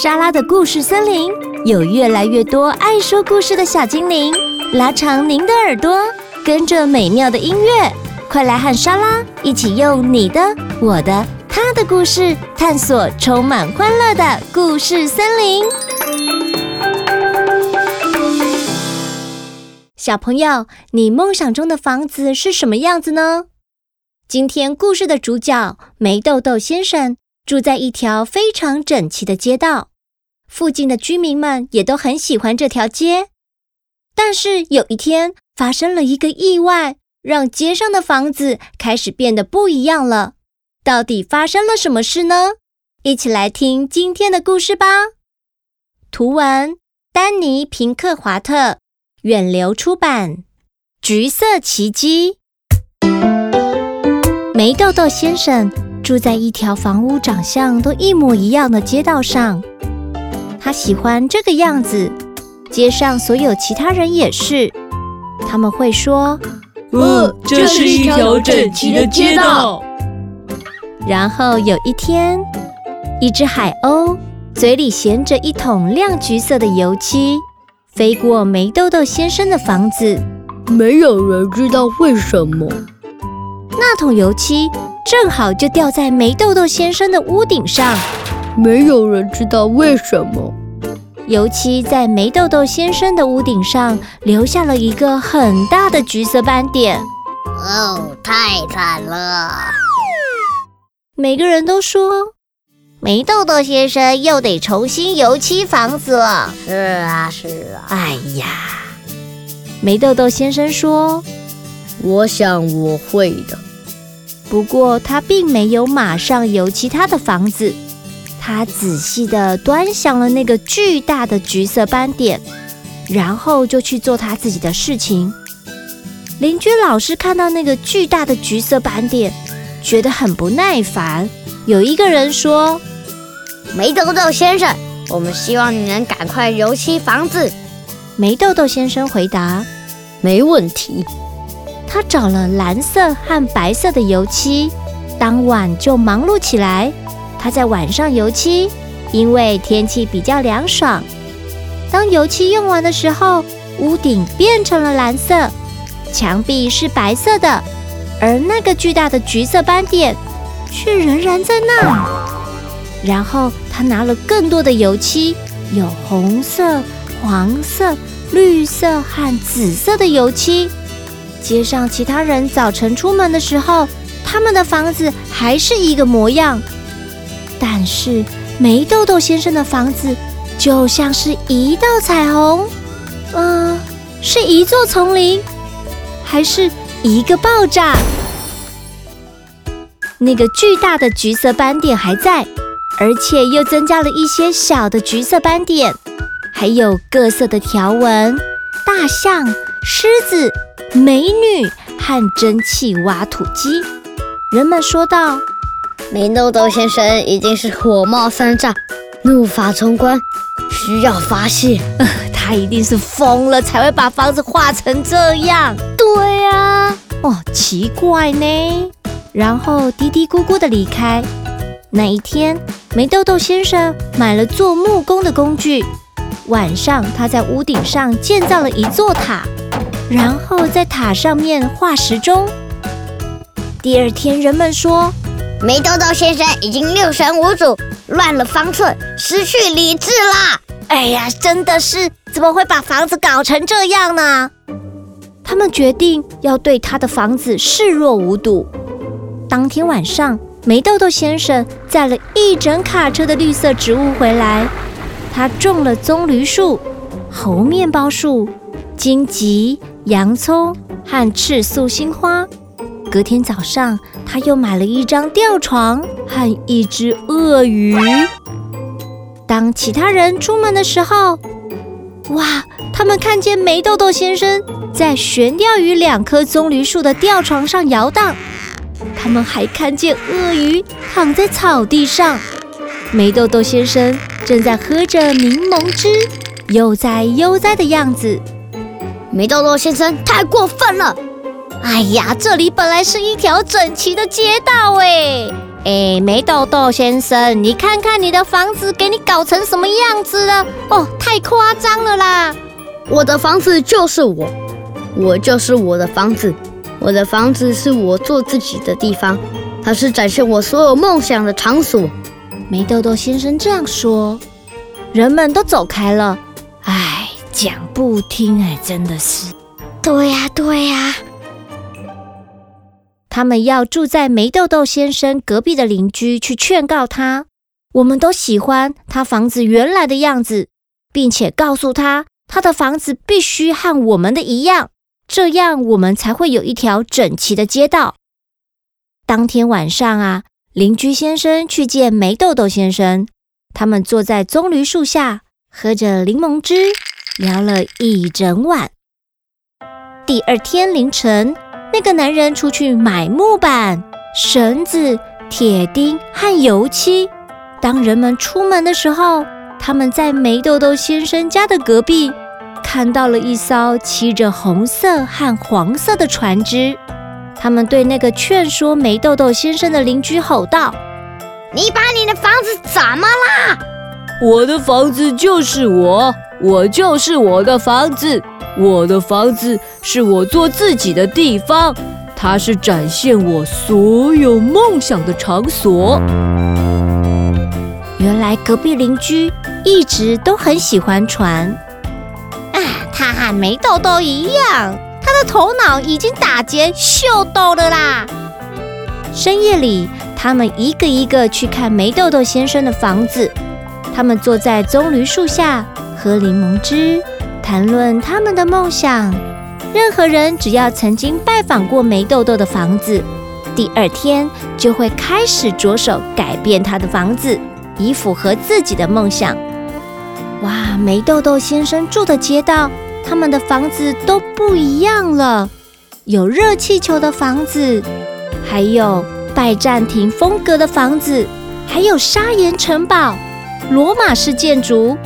沙拉的故事森林，有越來越多愛說故事的小精靈，拉長您的耳朵，跟着美妙的音樂，快來和沙拉一起用你的、我的、他的故事，探索充滿歡樂的故事森林。小朋友，你夢想中的房子是什麼樣子呢？今天故事的主角，梅豆豆先生，住在一條非常整齊的街道。附近的居民們也都很喜歡這條街，但是有一天發生了一個意外，讓街上的房子開始變得不一樣了。到底發生了什麼事呢？一起來聽今天的故事吧。圖文：丹尼·平克華特，遠流出版。橘色奇蹟。梅豆豆先生住在一條房屋長相都一模一樣的街道上。他喜歡這個樣子，街上所有其他人也是。他們會說：“呃、哦，這是一條整齊的街道。”然後有一天，一只海鷗嘴裡銜着一桶亮橘色的油漆，飛過梅豆豆先生的房子。沒有人知道為什麼。那桶油漆正好就掉在梅豆豆先生的屋頂上。沒有人知道為什麼。油漆在梅豆豆先生的屋頂上留下了一個很大的橘色斑點，哦，太慘了！每個人都說，梅豆豆先生又得重新油漆房子了。是啊，是啊。哎呀，梅豆豆先生說：“我想我會的。”不過他並沒有馬上油漆他的房子。他仔細地端詳了那個巨大的橘色斑點，然後就去做他自己的事情。鄰居老是看到那個巨大的橘色斑點，覺得很不耐煩。有一個人說：“梅豆豆先生，我們希望你能趕快油漆房子。”梅豆豆先生回答：“沒問題。”他找了藍色和白色的油漆，當晚就忙碌起來。他在晚上油漆，因為天氣比較涼爽。當油漆用完的時候，屋頂變成了藍色，牆壁是白色的，而那個巨大的橘色斑點卻仍然在那。然後他拿了更多的油漆，有紅色、黃色、綠色和紫色的油漆。街上其他人早晨出門的時候，他們的房子還是一個模樣。但是梅豆豆先生的房子就像是一道彩虹，呃，是一座叢林，還是一個爆炸？那個巨大的橘色斑點還在，而且又增加了一些小的橘色斑點，還有各色的條紋、大象、獅子、美女和蒸汽挖土機。人們說道。梅豆豆先生已經是火冒三丈、怒髮衝冠，需要發洩。呃，他一定是瘋了才會把房子畫成這樣。對呀、啊，哦，奇怪呢。然後嘀嘀咕咕地離開。那一天，梅豆豆先生買了做木工的工具。晚上，他在屋頂上建造了一座塔，然後在塔上面畫時鐘。第二天，人們說。梅豆豆先生已經六神無主、亂了方寸、失去理智啦！哎呀，真的是，怎麼會把房子搞成這樣呢？他們決定要對他的房子視若無睹。當天晚上，梅豆豆先生載了一整卡車的綠色植物回來，他種了棕櫚樹、猴麵包樹、荊棘、洋蔥和赤素馨花。隔天早上，他又買了一張吊床和一隻鱷魚。當其他人出門的時候，哇，他們看見梅豆豆先生在懸吊於兩棵棕櫚樹的吊床上搖盪。他們還看見鱷魚躺在草地上，梅豆豆先生正在喝着檸檬汁，悠哉悠哉的樣子。梅豆豆先生太過分了！哎呀，這裡本來是一條整齊的街道。哎，哎，梅豆豆先生，你看看你的房子給你搞成什麼樣子了？哦，太誇張了啦！我的房子就是我，我就是我的房子，我的房子是我做自己的地方，它是展現我所有夢想的場所。梅豆豆先生這樣說，人們都走開了。哎，講不聽，哎、啊，真的是。對呀、啊，對呀、啊。他們要住在梅豆豆先生隔壁的鄰居去勸告他，我們都喜歡他房子原來的樣子，並且告訴他，他的房子必須和我們的一樣，這樣我們才會有一條整齊的街道。當天晚上啊，鄰居先生去見梅豆豆先生，他們坐在棕櫚樹下，喝着檸檬汁，聊了一整晚。第二天凌晨，那個男人出去買木板、繩子、鐵釘和油漆。當人們出門的時候，他們在梅豆豆先生家的隔壁看到了一艘漆着紅色和黃色的船隻。他們對那個勸說梅豆豆先生的鄰居吼道：“你把你的房子怎麼啦？我的房子就是我。”我就是我的房子，我的房子是我做自己的地方，它是展現我所有夢想的場所。原來隔壁鄰居一直都很喜歡船，啊，他和梅豆豆一樣，他的頭腦已經打結秀逗了啦。深夜裡，他們一個一個去看梅豆豆先生的房子，他們坐在棕櫚樹下。喝檸檬汁，談論他們的夢想。任何人只要曾經拜訪過梅豆豆的房子，第二天就會開始着手改變他的房子，以符合自己的夢想。哇！梅豆豆先生住的街道，他們的房子都不一樣了。有熱氣球的房子，還有拜占庭風格的房子，還有砂岩城堡、羅馬式建築。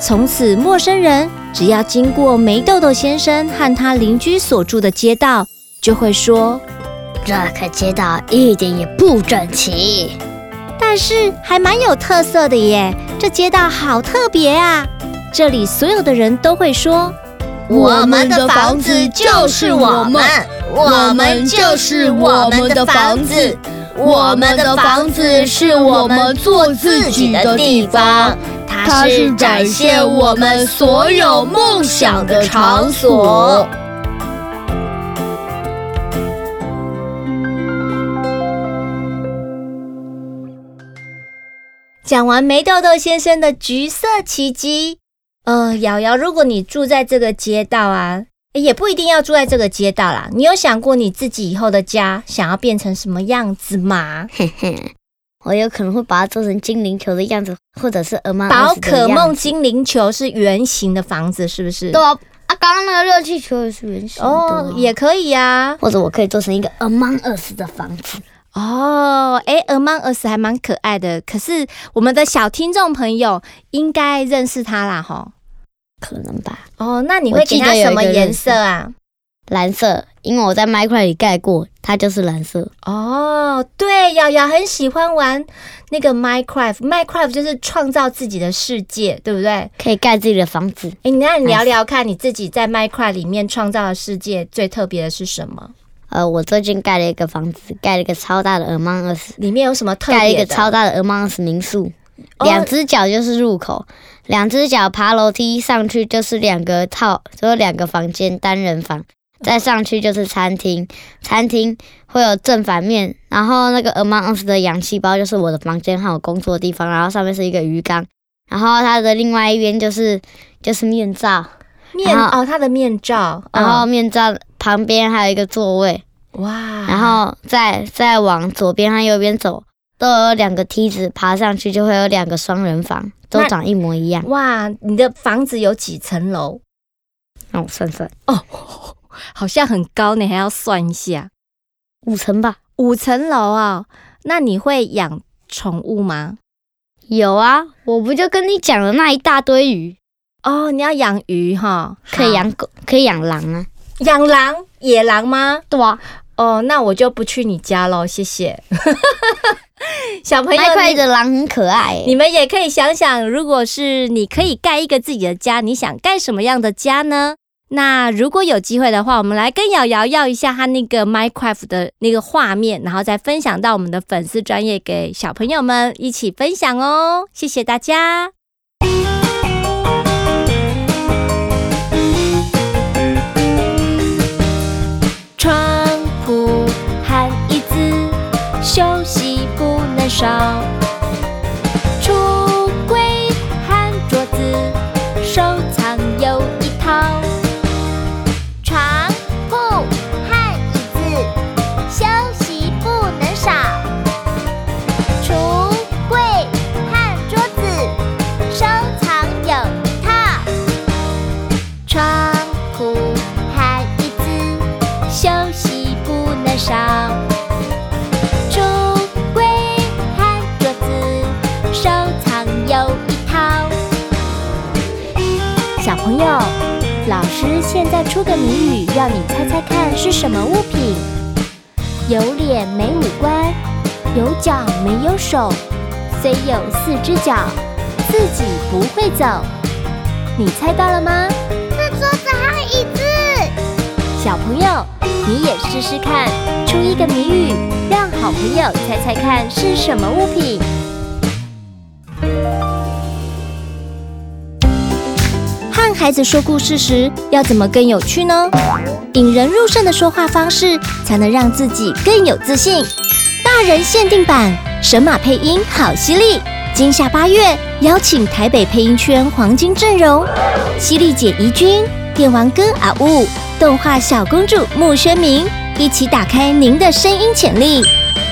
從此，陌生人只要經過梅豆豆先生和他鄰居所住的街道，就會說：“這個街道一點也不整齊，但是還蠻有特色的耶。這街道好特別啊！”這裡所有的人都會說：“我們的房子就是我們，我們就是我們的房子，我們的房子是我們做自己的地方。”它是展現我們所有夢想的場所。講完梅豆豆先生的橘色奇蹟，呃，瑤瑤，如果你住在這個街道啊，也不一定要住在這個街道啦。你有想過你自己以後的家想要變成什麼樣子嗎？ 我有可能會把它做成精靈球的樣子，或者是 Among Us 的樣子。寶可夢精靈球是圓形的房子，是不是？對啊，剛、啊、剛那個熱氣球也是圓形的。哦，啊、也可以呀、啊。或者我可以做成一個 Among Us 的房子。哦，誒、欸、Among Us 還蠻可愛的。可是我們的小聽眾朋友應該認識它啦吼，哈？可能吧。哦，那你會給它什麼顏色啊？藍色，因為我在 Minecraft 裡蓋過，它就是藍色。哦，oh, 對，瑤瑤很喜歡玩那個 Minecraft，Minecraft 就是創造自己的世界，對不對？可以蓋自己的房子。你，那你聊聊看你自己在 Minecraft 裡面創造的世界最特別的是什麼？呃，我最近蓋了一個房子，蓋了一個超大的 Among Us，裡面有什麼特別的？蓋了一個超大的 Among Us 民宿，兩只腳就是入口，oh, 兩只腳爬樓梯上去就是兩個套，就是兩個房間，單人房。再上去就是餐廳，餐廳會有正反面，然後那個 Among Us 的氧氣包就是我的房間和我工作的地方，然後上面是一個魚缸，然後它的另外一邊就是就是面罩，面後哦，它的面罩，哦、然後面罩旁邊還有一個座位，哇，然後再再往左邊和右邊走，都有兩個梯子爬上去，就會有兩個雙人房，那都長一模一樣。哇，你的房子有幾層樓？讓我、哦、算算哦。好像很高，你還要算一下，五層吧，五層樓啊。那你會養寵物嗎？有啊，我不就跟你講了那一大堆魚哦。你要養魚哈、哦，可以養狗，好可以養狼啊。養狼，野狼嗎？對啊。哦，那我就不去你家咯。謝謝。 小朋友，那一塊的狼很可愛、欸你。你們也可以想想，如果是你可以蓋一個自己的家，你想蓋什麼樣的家呢？那如果有機會的話，我們來跟瑤瑤要一下她那個 Minecraft 的那個畫面，然後再分享到我們的粉絲專頁，給小朋友們一起分享哦。謝謝大家。床鋪含椅子，休息不能少。櫥櫃含桌子，收藏有一套。現在出個謎語，讓你猜猜看是什麼物品：有臉沒五官，有腳沒有手，雖有四隻腳，自己不會走。你猜到了嗎？是桌子還有椅子。小朋友，你也試試看，出一個謎語，讓好朋友猜猜看是什麼物品。孩子說故事時要怎麼更有趣呢？引人入勝的說話方式才能讓自己更有自信。大人限定版神馬配音好犀利！今夏八月邀請台北配音圈黃金陣容，犀利姐怡君、電玩哥阿物、動畫小公主慕宣明，一起打開您的聲音潛力。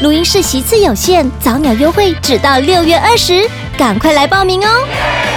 錄音室席次有限，早鳥優惠只到六月二十，趕快來報名哦！